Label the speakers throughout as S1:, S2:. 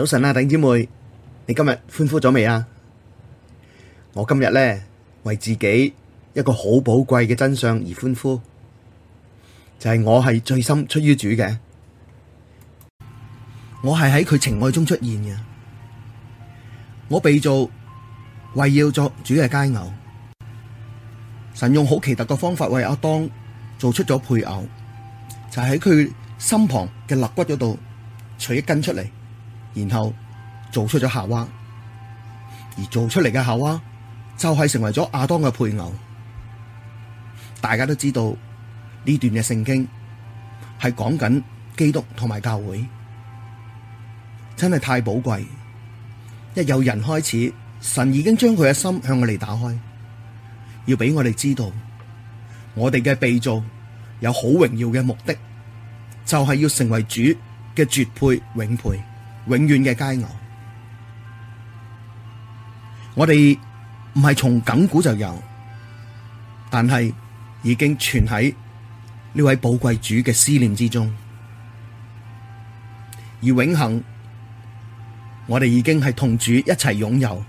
S1: 早晨啊，頂姐妹，你今日歡呼咗未啊？我今日咧為自己一個好寶貴嘅真相而歡呼，就係我係最深出於主嘅，我係喺佢情愛中出現嘅，我被做為要做主嘅佳偶，神用好奇特嘅方法為阿當做出咗配偶，就喺佢身旁嘅肋骨嗰度取一根出嚟。然後做出咗夏娃，而做出嚟嘅夏娃就係成為咗亞當嘅配偶。大家都知道呢段嘅聖經係講緊基督同埋教會，真係太寶貴。一有人開始，神已經將佢嘅心向我哋打開，要俾我哋知道，我哋嘅被造有好榮耀嘅目的，就係、是、要成為主嘅絕配永配。永遠嘅佳偶，我哋唔係從亙古就有，但係已經存喺呢位寶貴主嘅思念之中。而永恒，我哋已經係同主一齊擁有。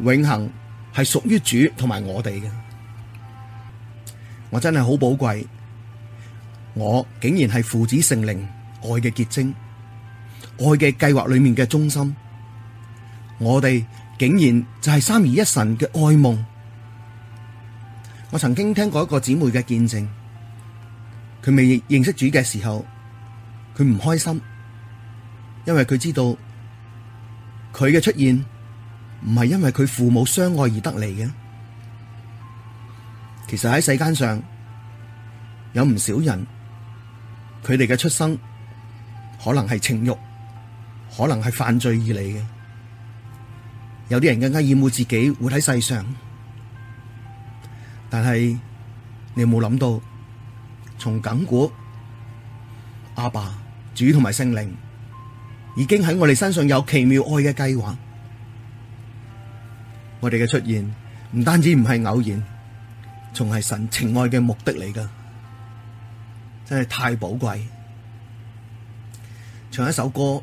S1: 永恒係屬於主同埋我哋嘅。我真係好寶貴，我竟然係父子聖靈愛嘅結晶。愛嘅計劃裏面嘅中心，我哋竟然就係三而一神嘅愛夢。我曾經聽過一個姊妹嘅見證，佢未認識主嘅時候，佢唔開心，因為佢知道佢嘅出現唔係因為佢父母相愛而得嚟嘅。其實喺世間上，有唔少人，佢哋嘅出生可能係情慾。可能係犯罪而嚟嘅，有啲人更加厭惡自己活喺世上。但係你有冇諗到，從亙古阿爸主同埋聖靈已經喺我哋身上有奇妙愛嘅計劃。我哋嘅出現唔單止唔係偶然，仲係神情愛嘅目的嚟㗎，真係太寶貴。唱一首歌。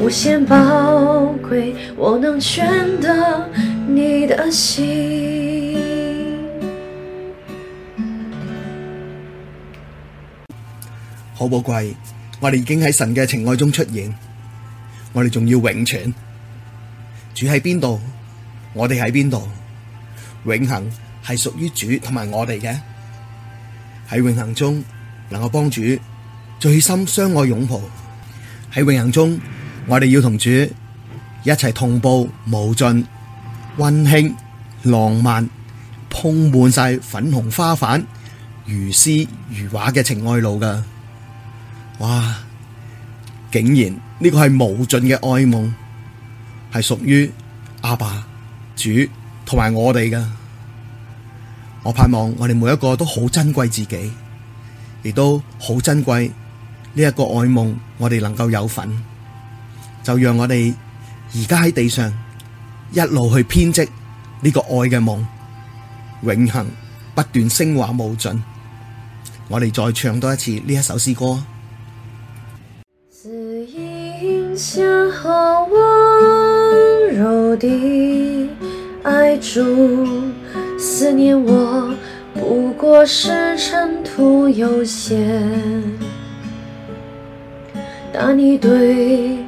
S2: 無限寶貴，我能全得祢的心。
S1: 好寶貴，我哋已經喺神嘅情愛中出現，我哋仲要永存。主喺邊度？我哋喺邊度？永恆係屬於主同埋我哋嘅。喺永恆中，能夠幫主最深相愛擁抱。喺永恆中。我哋要同主一齊同步無盡温馨、浪漫，鋪滿晒粉紅花瓣、如詩如畫嘅情愛路㗎。哇！竟然呢、這個係無盡嘅愛夢，係屬於阿爸、主同埋我哋㗎。我盼望我哋每一個都好珍貴自己，亦都好珍貴呢一、這個愛夢，我哋能夠有份。就讓我哋而家喺地上一路去編織呢個愛嘅夢，永恒不斷升華無盡。我哋再唱多一次呢一首詩歌。
S2: 自隱、謙和、溫柔的愛主，思念我不過是塵土有限，但你對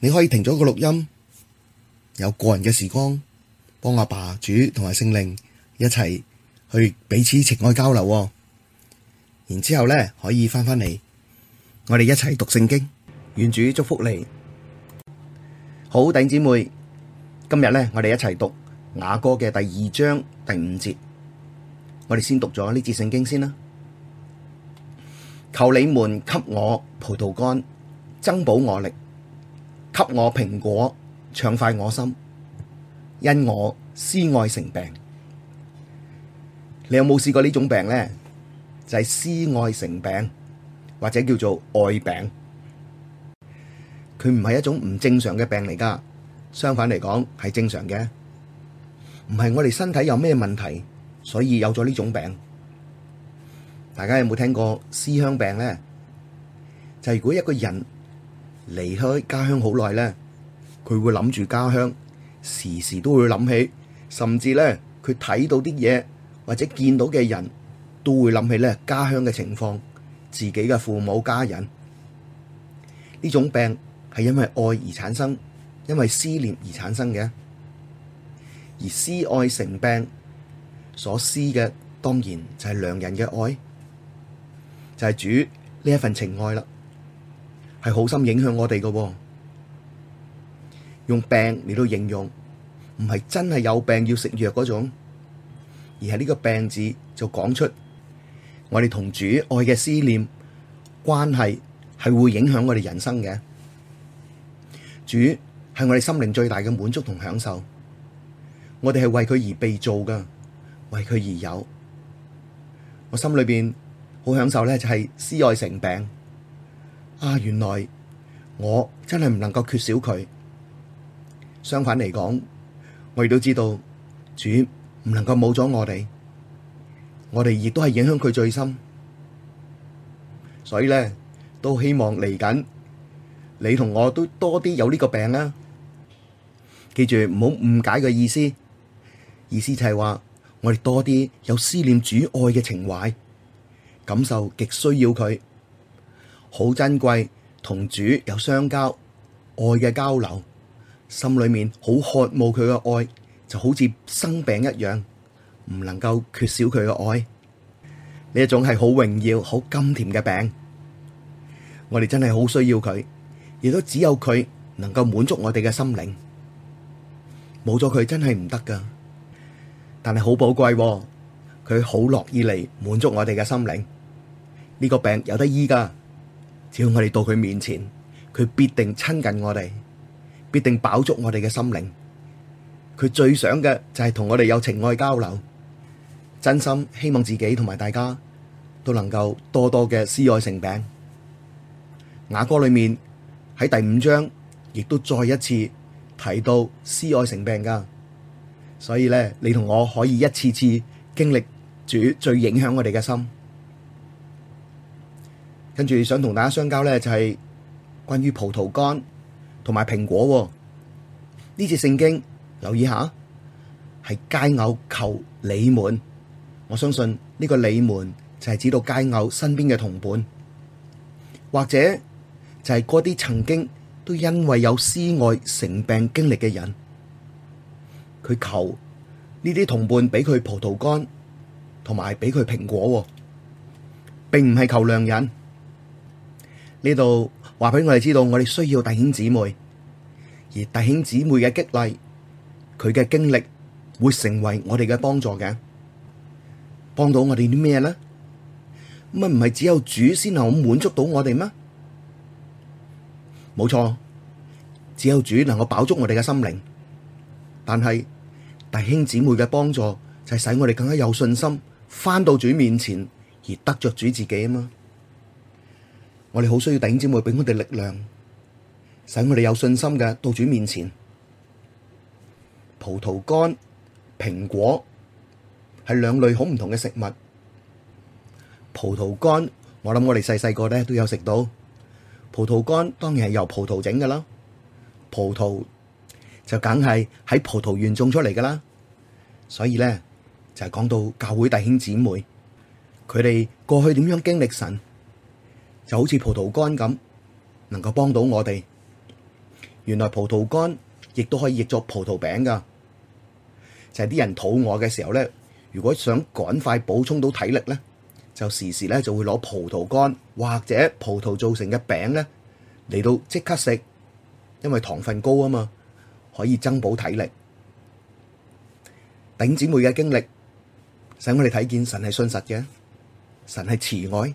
S1: 你可以停咗個錄音，有個人嘅時光，幫阿爸主同埋聖靈一齊去彼此情愛交流，然之後咧可以翻返嚟，我哋一齊讀聖經，願主祝福你，好，弟兄姊妹。今日咧我哋一齊讀雅歌嘅第二章第五節，我哋先讀咗呢節聖經先啦。求你們給我葡萄乾，增補我力。給我蘋果，暢快我心。因我思愛成病。你有冇試過呢種病呢？就係思愛成病，或者叫做愛病。佢唔係一種唔正常嘅病嚟噶，相反嚟講係正常嘅。唔係我哋身體有咩問題，所以有咗呢種病。大家有冇聽過思鄉病呢？就係如果一個人。離開家鄉好耐呢，佢會諗住家鄉，時時都會諗起，甚至呢，佢睇到啲嘢或者見到嘅人都會諗起呢家鄉嘅情況，自己嘅父母家人。呢種病係因為愛而產生，因為思念而產生嘅。而思愛成病所思嘅，當然就係良人嘅愛，就係主呢一份情愛啦。係好深影響我哋喎、哦。用病嚟到形容，唔係真係有病要食藥嗰種，而係呢個病字就講出我哋同主愛嘅思念關係係會影響我哋人生嘅。主係我哋心靈最大嘅滿足同享受，我哋係為佢而被造噶，為佢而有。我心裏邊好享受咧，就係思愛成病。啊，原來我真係唔能夠缺少佢。相反嚟講，我亦都知道主唔能夠冇咗我哋，我哋亦都係影響佢最深。所以咧，都希望嚟緊你同我都多啲有呢個病啦啊。記住唔好誤解嘅意思，意思就係話我哋多啲有思念主愛嘅情懷，感受極需要佢。好珍貴，同主有相交、愛嘅交流，心裏面好渴慕佢嘅愛，就好似生病一樣，唔能夠缺少佢嘅愛。呢一種係好榮耀、好甘甜嘅病，我哋真係好需要佢，亦都只有佢能夠滿足我哋嘅心靈。冇咗佢真係唔得㗎，但係好寶貴，佢好樂意嚟滿足我哋嘅心靈。呢個病有得醫㗎。只要我哋到佢面前，佢必定親近我哋，必定飽足我哋嘅心靈。佢最想嘅就係同我哋有情愛交流，真心希望自己同埋大家都能夠多多嘅思愛成病。雅歌裏面喺第五章，亦都再一次提到思愛成病噶。所以呢，你同我可以一次次經歷住最影響我哋嘅心。跟住想同大家相交呢，就係關於葡萄乾同埋蘋果喎。呢隻聖經留意下，係佳偶求你們。我相信呢個你們就係指到佳偶身邊嘅同伴，或者就係嗰啲曾經都因為有思愛成病經歷嘅人，佢求呢啲同伴俾佢葡萄乾同埋俾佢蘋果，並唔係求良人。呢度話俾我哋知道，我哋需要弟兄姊妹，而弟兄姊妹嘅激勵，佢嘅經歷會成為我哋嘅幫助嘅，幫到我哋啲咩呢？乜唔係只有主先能滿足到我哋咩？冇錯，只有主能夠飽足我哋嘅心靈，但係弟兄姊妹嘅幫助就係使我哋更加有信心，翻到主面前而得着主自己啊嘛。我哋好需要弟兄姊妹俾我哋力量，使我哋有信心嘅到主面前。葡萄乾、蘋果係兩類好唔同嘅食物。葡萄乾，我諗我哋細細個咧都有食到。葡萄乾當然係由葡萄整㗎啦，葡萄就梗係喺葡萄園種出嚟噶啦。所以咧，就係講到教會弟兄姊妹，佢哋過去點樣經歷神。就好似葡萄乾咁,能夠幫到我哋。原來葡萄乾,亦都可以譯作葡萄餅㗎。就係啲人肚餓嘅時候呢,如果想趕快補充到體力呢,就時時呢,就會攞葡萄乾,或者葡萄做成嘅餅呢,嚟到即刻食。因為糖分高吖嘛,可以增補體力。頂姊妹嘅經歷,使我哋睇見神係信實嘅,神係慈愛。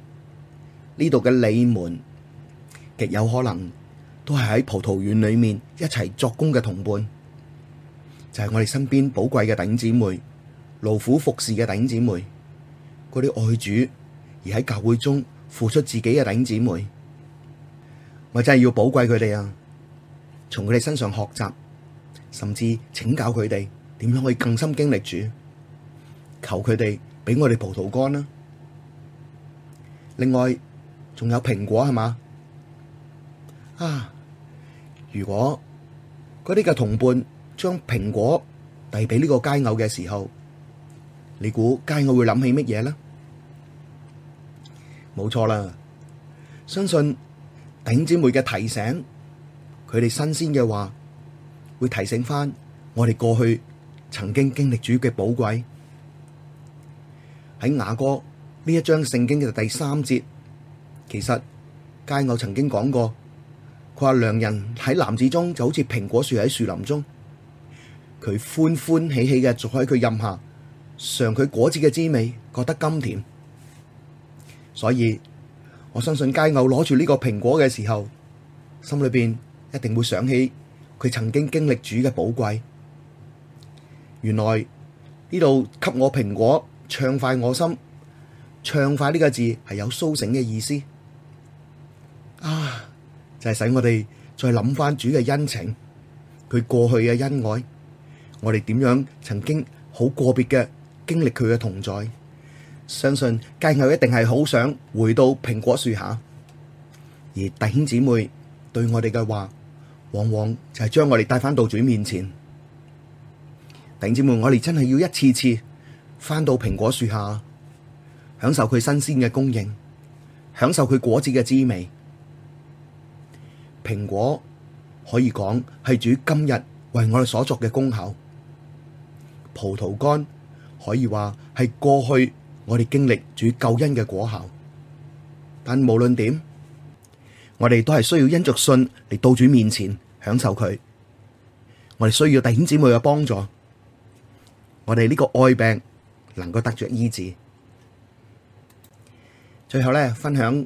S1: 呢度嘅你們極有可能都係喺葡萄園裏面一齊作工嘅同伴，就係、是、我哋身邊寶貴嘅頂姊妹，勞苦服侍嘅頂姊妹，嗰啲愛主而喺教會中付出自己嘅頂姊妹，我真係要寶貴佢哋啊！從佢哋身上學習，甚至請教佢哋點樣可以更深經歷主，求佢哋俾我哋葡萄乾啦、啊。另外。仲有蘋果係嘛？啊！如果嗰啲嘅同伴將蘋果遞俾呢個佳偶嘅時候，你估佳偶會諗起乜嘢呢？冇錯啦！相信弟兄姊妹嘅提醒，佢哋新鮮嘅話，會提醒翻我哋過去曾經經歷主嘅寶貴。喺雅歌呢一章聖經嘅第三節。其實佳偶曾經講過，佢話良人喺男子中就好似蘋果樹喺樹林中，佢歡歡喜喜嘅坐喺佢蔭下，嘗佢果子嘅滋味，覺得甘甜。所以我相信佳偶攞住呢個蘋果嘅時候，心裏邊一定會想起佢曾經經歷主嘅寶貴。原來呢度給我蘋果，暢快我心，暢快呢個字係有甦醒嘅意思。就係使我哋再諗翻主嘅恩情，佢過去嘅恩愛，我哋點樣曾經好個別嘅經歷佢嘅同在，相信佳偶一定係好想回到蘋果樹下。而弟兄姊妹對我哋嘅話，往往就係將我哋帶翻到主面前。弟兄姊妹，我哋真係要一次次翻到蘋果樹下，享受佢新鮮嘅供應，享受佢果子嘅滋味。蘋果可以講係主今日為我哋所作嘅功效，葡萄乾可以話係過去我哋經歷主救恩嘅果效。但無論點，我哋都係需要因着信嚟到主面前享受佢。我哋需要弟兄姊妹嘅幫助，我哋呢個愛病能夠得着醫治。最後咧，分享。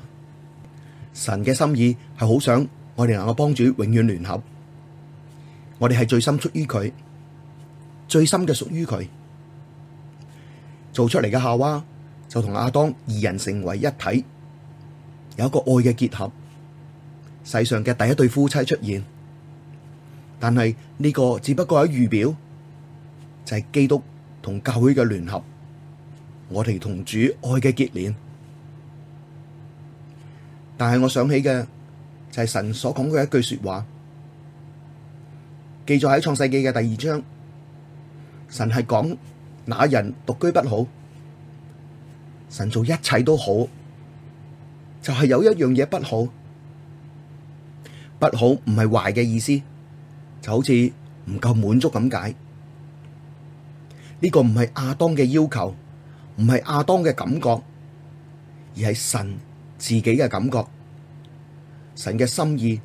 S1: 神嘅心意係好想我哋能夠幫主永遠聯合，我哋係最深屬於佢，最深嘅屬於佢，做出嚟嘅夏娃就同亞當二人成為一體，有一個愛嘅結合，世上嘅第一對夫妻出現，但係呢個只不過喺預表，就係基督同教會嘅聯合，我哋同主愛嘅結連。但係我想起嘅就係神所講嘅一句說話，記載喺創世紀嘅第二章。神係講，那人獨居不好，神做一切都好，就係有一樣嘢不好，不好唔係壞嘅意思，就好似唔夠滿足咁解。呢個唔係亞當嘅要求，唔係亞當嘅感覺，而係神。自己嘅感覺，神嘅心意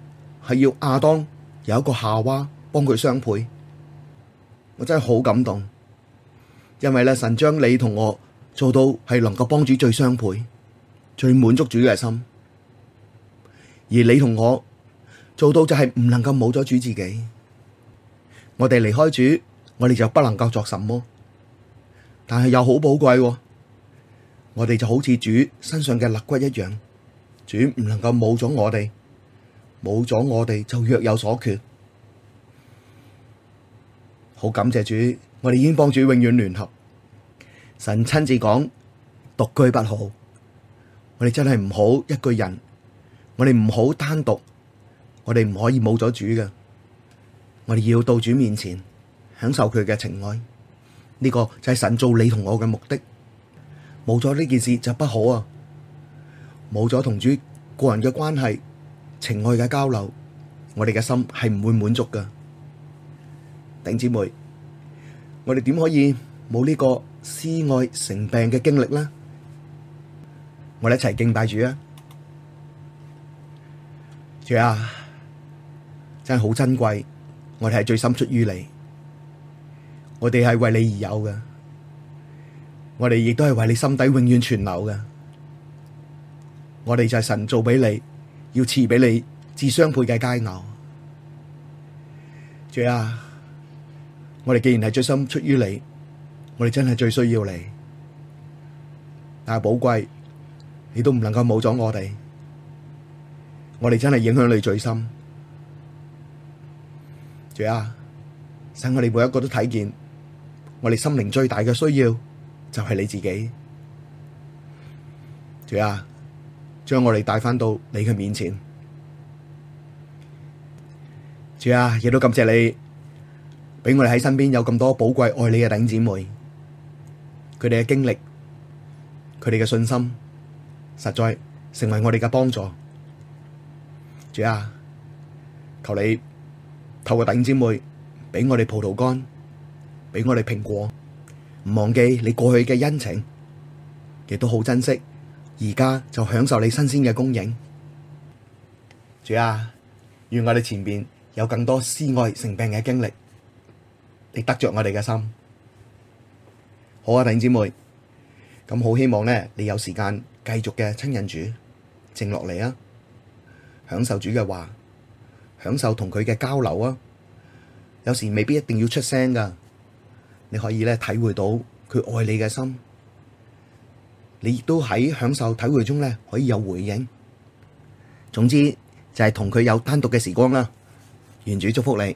S1: 係要亞當有一個夏娃幫佢相配，我真係好感動，因為咧神將你同我做到係能夠幫主最相配、最滿足主嘅心，而你同我做到就係唔能夠冇咗主自己，我哋離開主，我哋就不能夠作什麼，但係又好寶貴，我哋就好似主身上嘅肋骨一樣。主唔能夠冇咗我哋，冇咗我哋就若有所缺。好感謝主，我哋已經幫主永遠聯合。神親自講獨居不好，我哋真係唔好一個人，我哋唔好單獨，我哋唔可以冇咗主嘅。我哋要到主面前享受佢嘅情愛，呢、這個就係神做你同我嘅目的。冇咗呢件事就不好啊！冇咗同主個人嘅關係、情愛嘅交流，我哋嘅心係唔會滿足噶。頂姊妹，我哋點可以冇呢個思愛成病嘅經歷呢？我哋一齊敬拜主啊！主啊，真係好珍貴，我哋係最深出於你，我哋係為你而有嘅，我哋亦都係為你心底永遠存留嘅。我哋就係神做畀你，要賜畀你至相配嘅佳餚。主啊，我哋既然係最深出於你，我哋真係最需要你，但係寶貴，你都唔能夠冇咗我哋。我哋真係影響你最深。主啊，使我哋每一個都睇見我哋心靈最大嘅需要就係、是、你自己。主啊。將我哋帶翻到你嘅面前，主啊，亦都感謝你俾我哋喺身邊有咁多寶貴愛你嘅頂姊妹，佢哋嘅經歷，佢哋嘅信心，實在成為我哋嘅幫助。主啊，求你透過頂姊妹俾我哋葡萄乾，俾我哋蘋果，唔忘記你過去嘅恩情，亦都好珍惜。而家就享受你新鮮嘅供應，主啊，願我哋前面有更多思愛成病嘅經歷，你得着我哋嘅心。好啊，弟兄姊妹，咁好希望咧，你有時間繼續嘅親近主，靜落嚟啊，享受主嘅話，享受同佢嘅交流啊。有時未必一定要出聲噶，你可以咧體會到佢愛你嘅心。你亦都喺享受體會中咧，可以有回應。總之就係同佢有單獨嘅時光啦。願主祝福你。